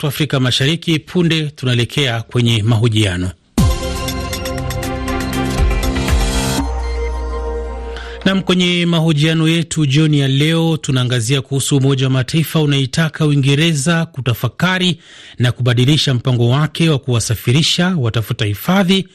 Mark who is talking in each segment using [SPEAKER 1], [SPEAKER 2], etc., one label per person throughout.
[SPEAKER 1] tatu Afrika Mashariki. Punde tunaelekea kwenye mahojiano. Nam, kwenye mahojiano yetu jioni ya leo tunaangazia kuhusu Umoja wa Mataifa unaitaka Uingereza kutafakari na kubadilisha mpango wake wa kuwasafirisha watafuta hifadhi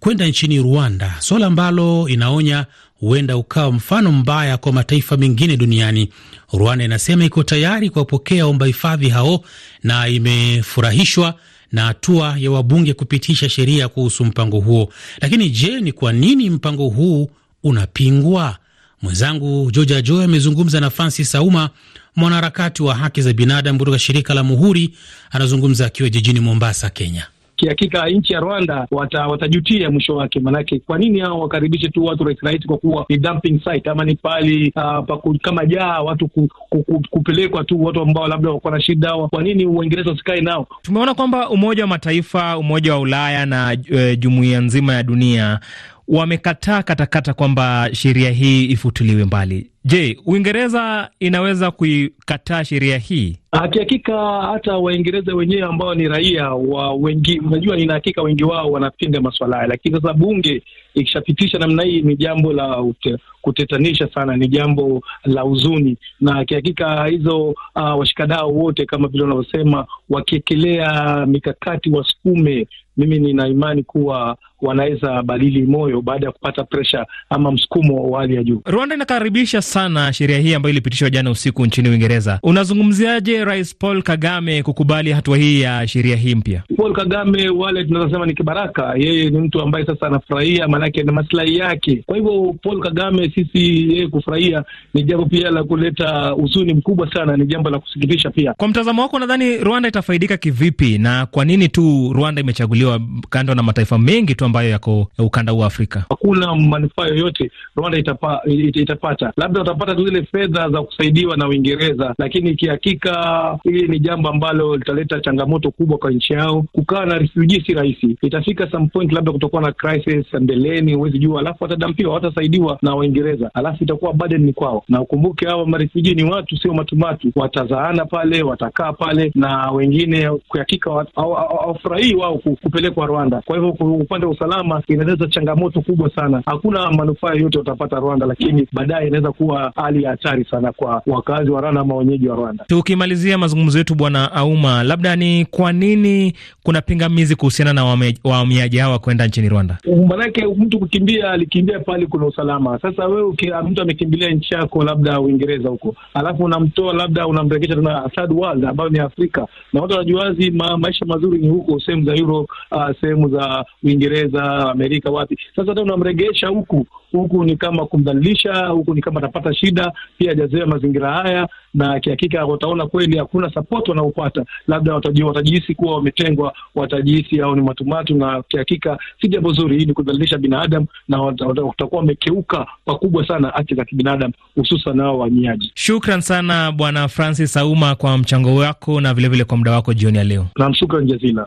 [SPEAKER 1] kwenda nchini Rwanda, suala ambalo inaonya huenda ukawa mfano mbaya kwa mataifa mengine duniani. Rwanda inasema iko tayari kuwapokea omba hifadhi hao na imefurahishwa na hatua ya wabunge kupitisha sheria kuhusu mpango huo. Lakini je, ni kwa nini mpango huu unapingwa? Mwenzangu Joja joe amezungumza na Francis Auma, mwanaharakati wa haki za binadamu kutoka shirika la Muhuri. Anazungumza akiwa jijini Mombasa, Kenya
[SPEAKER 2] kihakika nchi ya Rwanda wata, watajutia mwisho wake. Maanake kwa nini hao wakaribishe tu watu rahisi rahisi, kwa kuwa ni dumping site ama ni pali uh, ah, kama jaa watu ku, ku, ku, kupelekwa tu watu ambao labda wako na shida. Kwa nini Uingereza wasikae nao?
[SPEAKER 3] Tumeona kwamba Umoja wa Mataifa, Umoja wa Ulaya na e, jumuiya nzima ya dunia wamekataa katakata kwamba sheria hii ifutuliwe mbali. Je, Uingereza inaweza kuikataa sheria hii?
[SPEAKER 2] Kihakika hata Waingereza wenyewe ambao ni raia wa wengi, unajua nina hakika wengi wao wanapinga maswala haya, lakini sasa bunge ikishapitisha namna hii ni jambo la ute, kutetanisha sana, ni jambo la huzuni, na kihakika hizo uh, washikadau wote kama vile wanavyosema wakiekelea mikakati wasukume mimi nina imani kuwa wanaweza badili moyo baada ya kupata presha ama msukumo wa hali ya juu. Rwanda inakaribisha sana
[SPEAKER 3] sheria hii ambayo ilipitishwa jana usiku nchini Uingereza. Unazungumziaje Rais Paul Kagame kukubali hatua hii ya sheria hii mpya?
[SPEAKER 2] Paul Kagame wale tunazosema ni kibaraka, yeye ni mtu ambaye sasa anafurahia, maanake na maslahi yake. Kwa hivyo Paul Kagame sisi, yeye kufurahia ni jambo pia la kuleta huzuni mkubwa sana, ni jambo la kusikitisha pia. Kwa mtazamo wako, nadhani Rwanda itafaidika
[SPEAKER 3] kivipi na kwa nini tu Rwanda imechaguliwa kando na mataifa mengi tu ambayo yako ukanda huu wa Afrika?
[SPEAKER 2] Hakuna manufaa yoyote Rwanda itapa, it, itapata, labda watapata tu zile fedha za kusaidiwa na Uingereza, lakini kihakika hili ni jambo ambalo litaleta changamoto kubwa kwa nchi yao. Kukaa na refugee si rahisi, itafika some point labda kutokuwa na crisis mbeleni, huwezi jua, alafu watadampiwa, watasaidiwa na Waingereza, alafu itakuwa burden ni kwao. Na ukumbuke hawa marefugee ni watu, sio matumatu, watazaana pale, watakaa pale, na wengine kwa hakika hawafurahii wao kupelekwa Rwanda. Kwa hivyo upande wa usalama inaleta changamoto kubwa sana, hakuna manufaa yoyote watapata Rwanda, lakini baadaye inaweza kuwa hali ya hatari sana kwa wakazi wa Rwanda ama wenyeji wa Rwanda.
[SPEAKER 3] Tukimaliza kumalizia mazungumzo yetu, Bwana Auma, labda ni kwa nini kuna pingamizi kuhusiana na wahamiaji hawa kwenda nchini Rwanda?
[SPEAKER 2] Manake mtu kukimbia, alikimbia pale kuna usalama. Sasa wewe mtu amekimbilia nchi yako, labda Uingereza huko, alafu unamtoa labda unamrekesha tuna third world ambayo ni Afrika, na watu wanajua wazi ma, maisha mazuri ni huko sehemu za Europe, uh, sehemu za Uingereza, Amerika, wapi. Sasa hata unamregesha huku huku ni kama kumdhalilisha, huku ni kama atapata shida, pia hajazoea mazingira haya, na kihakika wataona kweli kweli hakuna support wanaopata, labda watajihisi kuwa wametengwa, watajihisi au ni matumatu, na kihakika si jambo zuri. Hii ni kudhalilisha binadamu na watakuwa wamekeuka pakubwa sana haki za kibinadamu, hususan ao wahamiaji. Shukran
[SPEAKER 3] sana Bwana Francis Auma kwa mchango wako na vilevile vile kwa muda wako jioni
[SPEAKER 2] ya leo, nam shukran jazila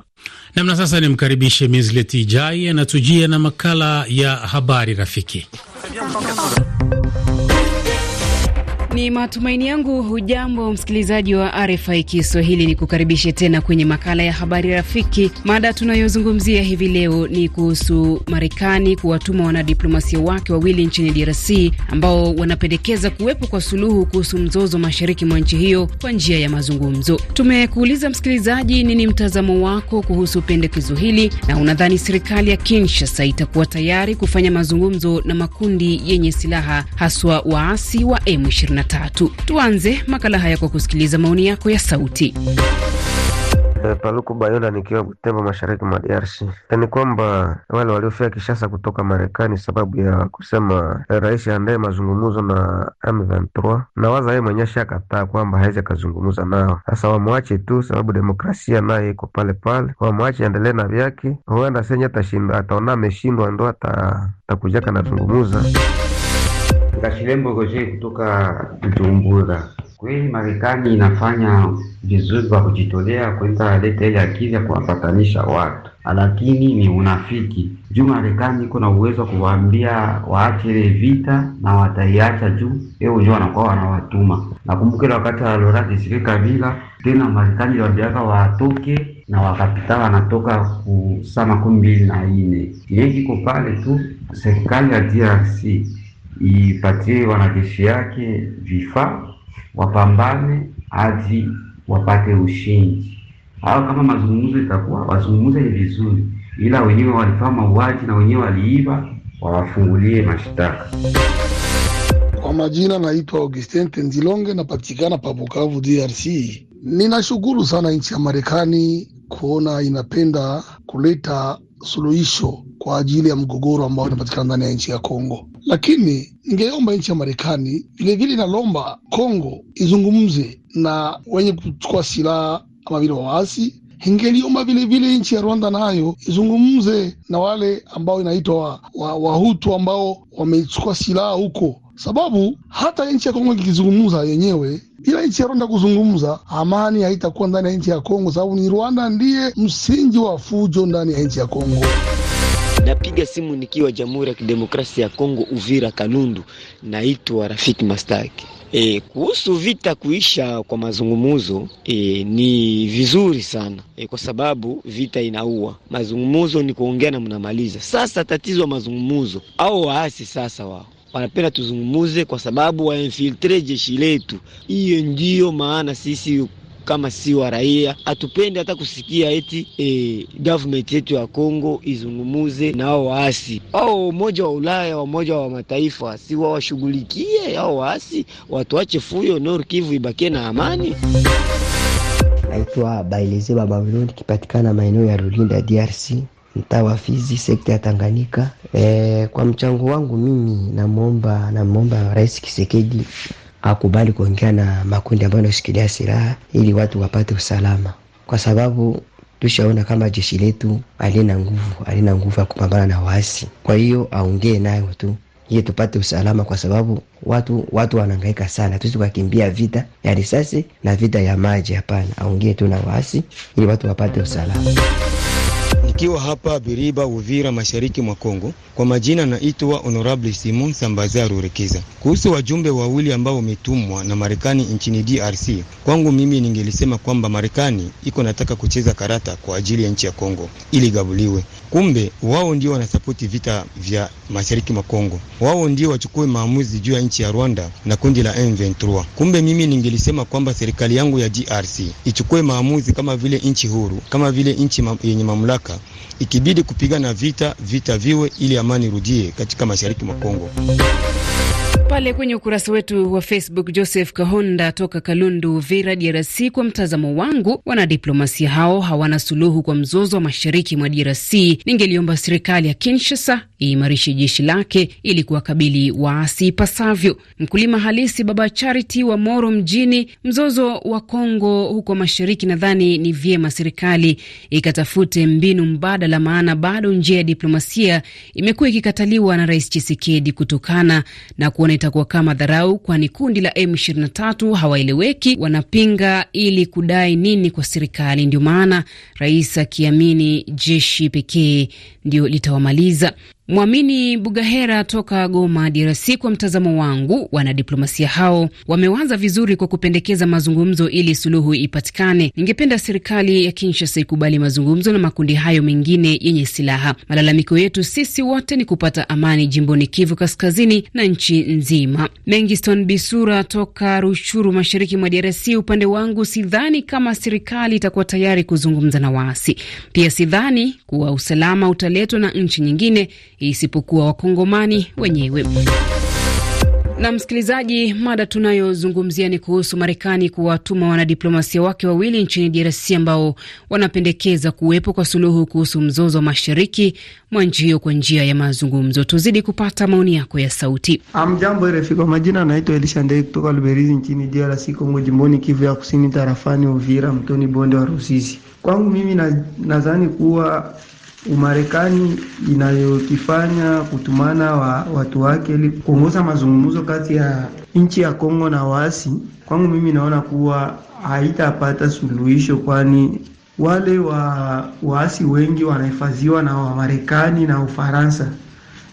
[SPEAKER 1] namna. Sasa nimkaribishe Misleti Jai anatujia na makala ya habari rafiki
[SPEAKER 4] ni matumaini yangu hujambo msikilizaji wa RFI Kiswahili, ni kukaribishe tena kwenye makala ya habari rafiki. Mada tunayozungumzia hivi leo ni kuhusu Marekani kuwatuma wanadiplomasia wake wawili nchini DRC ambao wanapendekeza kuwepo kwa suluhu kuhusu mzozo mashariki mwa nchi hiyo kwa njia ya mazungumzo. Tumekuuliza msikilizaji, nini mtazamo wako kuhusu pendekezo hili na unadhani serikali ya Kinshasa itakuwa tayari kufanya mazungumzo na makundi yenye silaha haswa waasi wa M23? tatu. Tuanze makala haya kwa kusikiliza maoni yako ya sauti.
[SPEAKER 3] Paluku Bayola nikiwa Butembo, mashariki mwa DRC. E, ni kwamba wale waliofia Kishasa kutoka Marekani sababu ya kusema e, rais andaye mazungumzo na M23, na waza yeye mwenyewe shakataa kwamba hawezi akazungumza nao. Sasa wamwache tu, sababu demokrasia naye iko pale pale, wamwache endelee na vyake. Huenda senye atashinda, ataona ameshindwa, ndo atakujaka nazungumuza Kashilembo Roger kutoka
[SPEAKER 4] Bujumbura. Kweli Marekani inafanya vizuri kwa kujitolea kwenda leta ile akili ya kuwapatanisha watu, lakini ni unafiki juu Marekani
[SPEAKER 3] iko na uwezo wa kuwaambia waache ile vita na wataiacha juu yeye wenyewe wanakuwa wanawatuma. Nakumbuka ile wakati wa Laurent Desire Kabila tena Marekani waliambiaka watoke na wakapita wanatoka ku saa makumi mbili na nne yeye iko pale tu serikali ya DRC ipatie wanajeshi yake vifaa, wapambane hadi wapate ushindi. Au kama mazungumzo itakuwa wazungumze ni vizuri, ila wenyewe walifanya mauaji na wenyewe
[SPEAKER 2] waliiba, wawafungulie mashtaka. Kwa majina naitwa Augustin Tenzilonge, napatikana pa Bukavu, DRC. Ninashukuru sana nchi ya Marekani kuona inapenda kuleta suluhisho kwa ajili ya mgogoro ambao unapatikana ndani ya nchi ya Kongo lakini ningeomba nchi ya Marekani vilevile inalomba Kongo izungumze na wenye kuchukua silaha ama vile waasi. Ingeliomba vilevile nchi ya Rwanda nayo izungumze na wale ambao inaitwa Wahutu wa, wa ambao wamechukua silaha huko, sababu hata nchi ya Kongo ikizungumza yenyewe bila nchi ya Rwanda kuzungumza, amani haitakuwa ndani ya nchi ya Kongo, sababu ni Rwanda ndiye msingi wa fujo ndani ya nchi ya Kongo.
[SPEAKER 3] Napiga simu nikiwa Jamhuri ya Kidemokrasia ya Kongo, Uvira, Kalundu. Naitwa Rafiki Mastaki. E, kuhusu vita kuisha kwa mazungumuzo e, ni vizuri sana e, kwa sababu vita inaua. Mazungumuzo ni kuongea na mnamaliza. Sasa tatizo ya mazungumuzo au waasi sasa wao wanapenda tuzungumuze, kwa sababu wainfiltre jeshi letu. Hiyo ndiyo maana sisi kama si wa raia. Hatupende hata kusikia eti e, government yetu ya Kongo izungumuze na hao waasi au umoja wa Ulaya, umoja wa mataifa, si wawashughulikie hao waasi, watuache fuyo Nord Kivu ibakie na amani. Naitwa Baeleze Babalo, nikipatikana maeneo ya Lulinda, DRC, mtaa wa Fizi, sekta ya Tanganyika. E, kwa mchango wangu mimi namwomba namwomba Rais Kisekedi akubali kuongea na makundi ambayo yanashikilia silaha ili watu wapate usalama, kwa sababu tushaona kama jeshi letu alina nguvu, alina nguvu ya kupambana na waasi. Kwa
[SPEAKER 4] hiyo aongee nayo tu ili tupate usalama, kwa sababu watu watu wanahangaika sana. Tusi tukakimbia vita ya risasi na vita ya maji, hapana. Aongee tu na waasi ili watu wapate usalama
[SPEAKER 3] nikiwa hapa Biriba, Uvira, mashariki mwa Kongo. Kwa majina naitwa Honorable Simon Sambaza Rurekeza. Kuhusu wajumbe wawili ambao wametumwa na Marekani nchini DRC, kwangu mimi ningelisema kwamba Marekani iko nataka kucheza karata kwa ajili ya nchi ya Kongo ili gabuliwe, Kumbe wao ndio wanasapoti vita vya mashariki mwa Kongo, wao ndio wachukue maamuzi juu ya nchi ya Rwanda na kundi la M23. Kumbe mimi ningelisema kwamba serikali yangu ya DRC ichukue maamuzi kama vile nchi huru, kama vile nchi ma yenye mamlaka. Ikibidi kupigana vita, vita viwe ili amani rudie katika mashariki mwa Kongo
[SPEAKER 4] pale kwenye ukurasa wetu wa Facebook. Joseph Kahonda toka Kalundu, vira DRC: kwa mtazamo wangu, wanadiplomasia hao hawana suluhu kwa mzozo wa mashariki mwa DRC. Ningeliomba serikali ya Kinshasa iimarishe jeshi lake ili kuwakabili waasi ipasavyo. Mkulima halisi Baba Charity wa Moro mjini: mzozo wa Kongo huko mashariki, nadhani ni vyema serikali ikatafute mbinu mbadala, maana bado njia ya diplomasia imekuwa ikikataliwa na Rais chisekedi kutokana na kuone itakuwa kama dharau, kwani kundi la M23 hawaeleweki, wanapinga ili kudai nini kwa serikali? Ndio maana rais akiamini jeshi pekee ndio litawamaliza. Mwamini Bugahera toka Goma, DRC. Kwa mtazamo wangu, wanadiplomasia hao wameanza vizuri kwa kupendekeza mazungumzo ili suluhu ipatikane. Ningependa serikali ya Kinshasa ikubali mazungumzo na makundi hayo mengine yenye silaha. Malalamiko yetu sisi wote ni kupata amani jimboni Kivu Kaskazini na nchi nzima. Mengiston Bisura toka Rushuru, mashariki mwa DRC. Upande wangu, sidhani kama serikali itakuwa tayari kuzungumza na waasi. Pia sidhani kuwa usalama utaletwa na nchi nyingine isipokuwa wakongomani wenyewe. Na msikilizaji, mada tunayozungumzia ni kuhusu Marekani kuwatuma wanadiplomasia wake wawili nchini DRC ambao wanapendekeza kuwepo kwa suluhu kuhusu mzozo wa mashariki mwa nchi hiyo kwa njia ya mazungumzo. Tuzidi kupata maoni yako ya sauti.
[SPEAKER 3] Amjambo RFI, kwa majina anaitwa Elisha Ndei kutoka Luberizi nchini DRC Kongo, jimboni Kivu ya Kusini, tarafani Uvira, mtoni bonde wa Rusizi. Kwangu mimi nadhani kuwa Umarekani inayokifanya kutumana wa watu wake ili kuongoza mazungumzo kati ya nchi ya Kongo na waasi, kwangu mimi naona kuwa haitapata suluhisho, kwani wale wa waasi wengi wanahifadhiwa na Wamarekani na Ufaransa,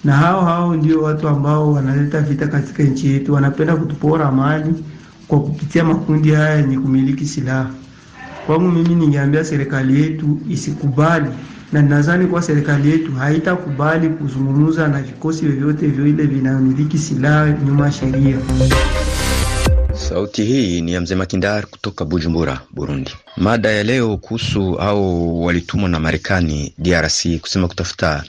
[SPEAKER 3] na hao hao ndio watu ambao wanaleta vita katika nchi yetu. Wanapenda kutupora mali kwa kupitia makundi haya yenye kumiliki silaha. Kwangu mimi, ningeambia serikali yetu isikubali na nadhani kuwa serikali yetu haitakubali kuzungumza na vikosi vyovyote vile vinamiliki silaha nyuma ya sheria. Sauti hii ni ya mzee Makindar kutoka Bujumbura, Burundi. Mada ya leo kuhusu au walitumwa na Marekani DRC kusema kutafuta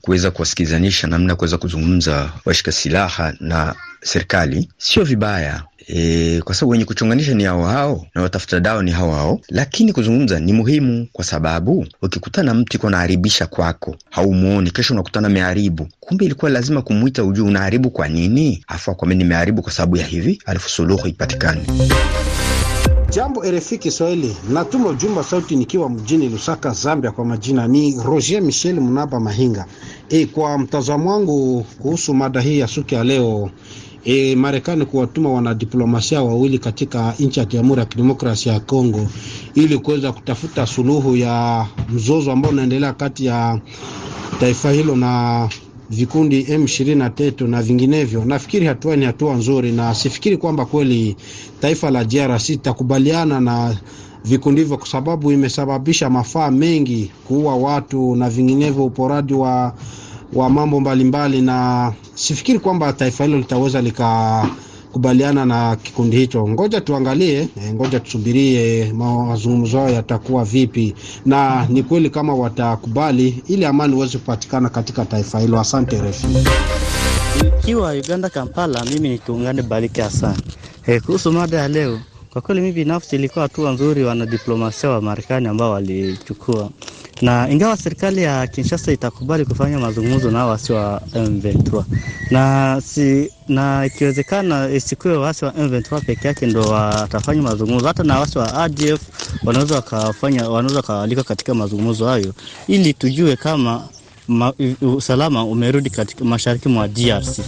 [SPEAKER 3] kuweza kuwasikilizanisha namna ya kuweza kuzungumza washika silaha na serikali sio vibaya e, kwa sababu wenye kuchunganisha ni hao hao na watafuta dawa ni hao hao, lakini kuzungumza ni muhimu, kwa sababu ukikutana mtu iko naharibisha kwako, haumuoni, kesho unakutana mearibu kumbe ilikuwa lazima kumwita ujue unaharibu kwa nini, afu akwambia nimeharibu kwa sababu ya hivi, alafu suluhu ipatikane.
[SPEAKER 1] Jambo RFI Kiswahili, natuma ujumbe sauti nikiwa mjini Lusaka, Zambia. Kwa majina ni Roger Michel Munaba Mahinga. E, kwa mtazamo wangu kuhusu mada hii ya suki ya leo e, Marekani kuwatuma wanadiplomasia wawili katika nchi ya Jamhuri ya Kidemokrasia ya Kongo ili kuweza kutafuta suluhu ya mzozo ambao unaendelea kati ya taifa hilo na vikundi M23 na vinginevyo. Nafikiri hatua ni hatua nzuri, na sifikiri kwamba kweli taifa la DRC litakubaliana na vikundi hivyo, kwa sababu imesababisha mafaa mengi, kuua watu na vinginevyo, uporaji wa, wa mambo mbalimbali mbali, na sifikiri kwamba taifa hilo litaweza lika kukubaliana na kikundi hicho. Ngoja tuangalie, eh, ngoja tusubirie mazungumzo hayo yatakuwa vipi, na ni kweli kama watakubali, ili amani iweze kupatikana katika taifa hilo. Asante refu
[SPEAKER 3] ikiwa Uganda, Kampala. Mimi nituungane Baliki Hasani. Hey, eh, kuhusu mada ya leo, kwa kweli mimi binafsi ilikuwa hatua nzuri wanadiplomasia wa Marekani ambao walichukua na ingawa serikali ya Kinshasa itakubali kufanya mazungumzo na waasi wa M23 na si, na ikiwezekana isikuwe waasi wa M23 peke yake ndo watafanya mazungumzo, hata na waasi wa ADF wanaweza wakafanya, wanaweza wakaalika katika mazungumzo hayo, ili tujue kama ma, usalama umerudi katika mashariki mwa DRC.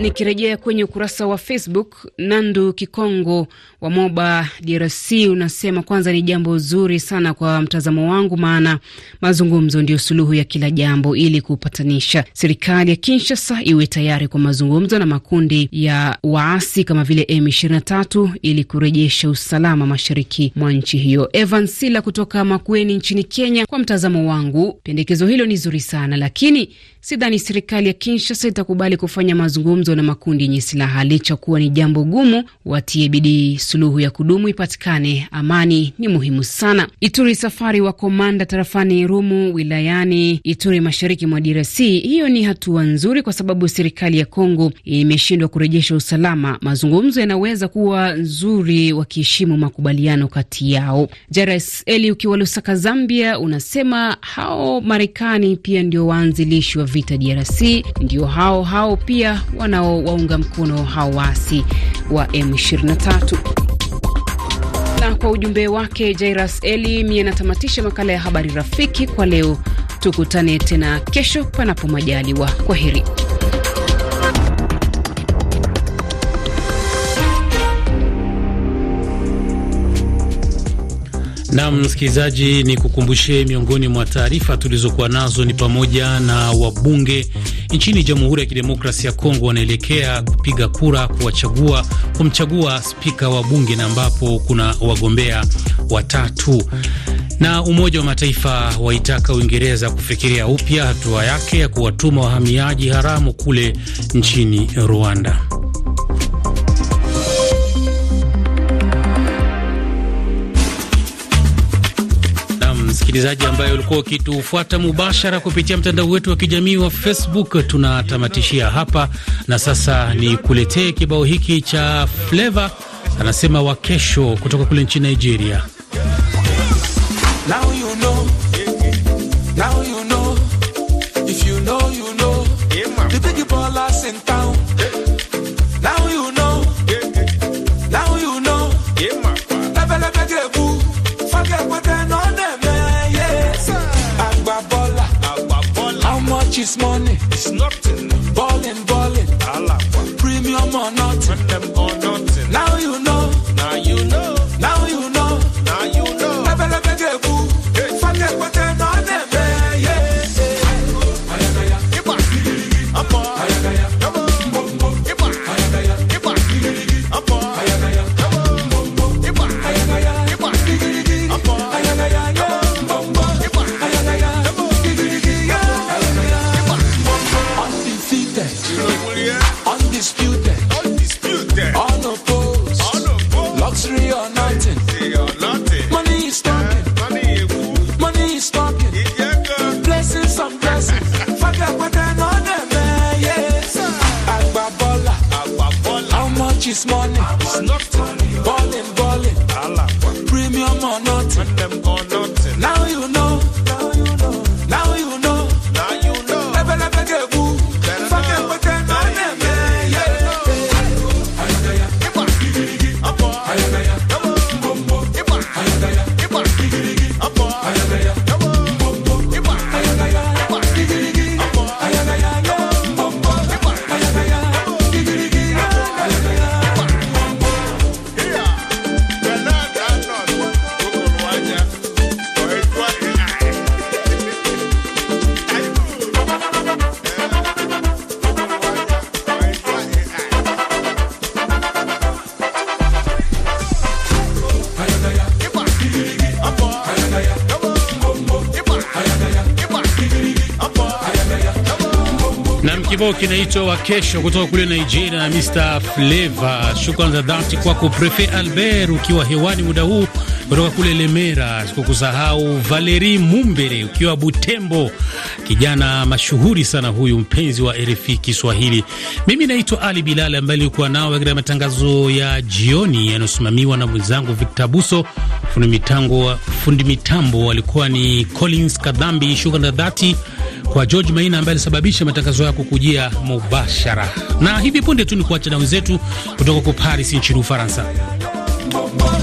[SPEAKER 4] Nikirejea kwenye ukurasa wa Facebook, Nandu Kikongo wa Moba, DRC, unasema kwanza ni jambo zuri sana kwa mtazamo wangu, maana mazungumzo ndio suluhu ya kila jambo ili kupatanisha. Serikali ya Kinshasa iwe tayari kwa mazungumzo na makundi ya waasi kama vile M23 ili kurejesha usalama mashariki mwa nchi hiyo. Evan Sila kutoka Makueni nchini Kenya, kwa mtazamo wangu pendekezo hilo ni zuri sana, lakini sidhani serikali ya Kinshasa itakubali kufanya mazungumzo kutunzwa na makundi yenye silaha. Licha kuwa ni jambo gumu, watie bidii, suluhu ya kudumu ipatikane. Amani ni muhimu sana. Ituri, safari wa komanda tarafani Rumu wilayani Ituri, mashariki mwa DRC. Hiyo ni hatua nzuri, kwa sababu serikali ya Kongo imeshindwa kurejesha usalama. Mazungumzo yanaweza kuwa nzuri wakiheshimu makubaliano kati yao. Jares Eli, ukiwa Lusaka, Zambia, unasema hao Marekani pia ndio waanzilishi wa vita DRC, ndio hao hao pia wana wanaowaunga mkono hao waasi wa M23. Na kwa ujumbe wake Jairas Eli, mie natamatisha makala ya habari rafiki kwa leo. Tukutane tena kesho, panapo majaliwa. Kwa heri.
[SPEAKER 1] Nam msikilizaji, ni kukumbushie miongoni mwa taarifa tulizokuwa nazo ni pamoja na wabunge nchini Jamhuri ya Kidemokrasia ya Kongo wanaelekea kupiga kura kuwachagua kumchagua spika wa bunge na ambapo kuna wagombea watatu na Umoja wa Mataifa waitaka Uingereza kufikiria upya hatua yake ya kuwatuma wahamiaji haramu kule nchini Rwanda. msikilizaji ambaye ulikuwa ukitufuata mubashara kupitia mtandao wetu wa kijamii wa Facebook. Tunatamatishia hapa na sasa ni kuletee kibao hiki cha Fleva anasema wa kesho kutoka kule nchini Nigeria.
[SPEAKER 5] money. It's not falling, falling. Premium or nothing.
[SPEAKER 1] kibao kinaitwa Wakesho kutoka kule Nigeria na Mr Flavour. Shukrani za dhati kwako Prefe Albert, ukiwa hewani muda huu kutoka kule Lemera. Sikukusahau Valeri Mumbere, ukiwa Butembo, kijana mashuhuri sana huyu, mpenzi wa RFI Kiswahili. Mimi naitwa Ali Bilal, ambaye nilikuwa nao katika matangazo ya jioni yanayosimamiwa na mwenzangu Victor Buso. Fundi mitambo walikuwa ni Collins Kadhambi. Shukrani za dhati kwa George Maina ambaye alisababisha matangazo yako kujia mubashara, na hivi punde tu ni kuacha na wenzetu kutoka kwa
[SPEAKER 5] Paris nchini Ufaransa.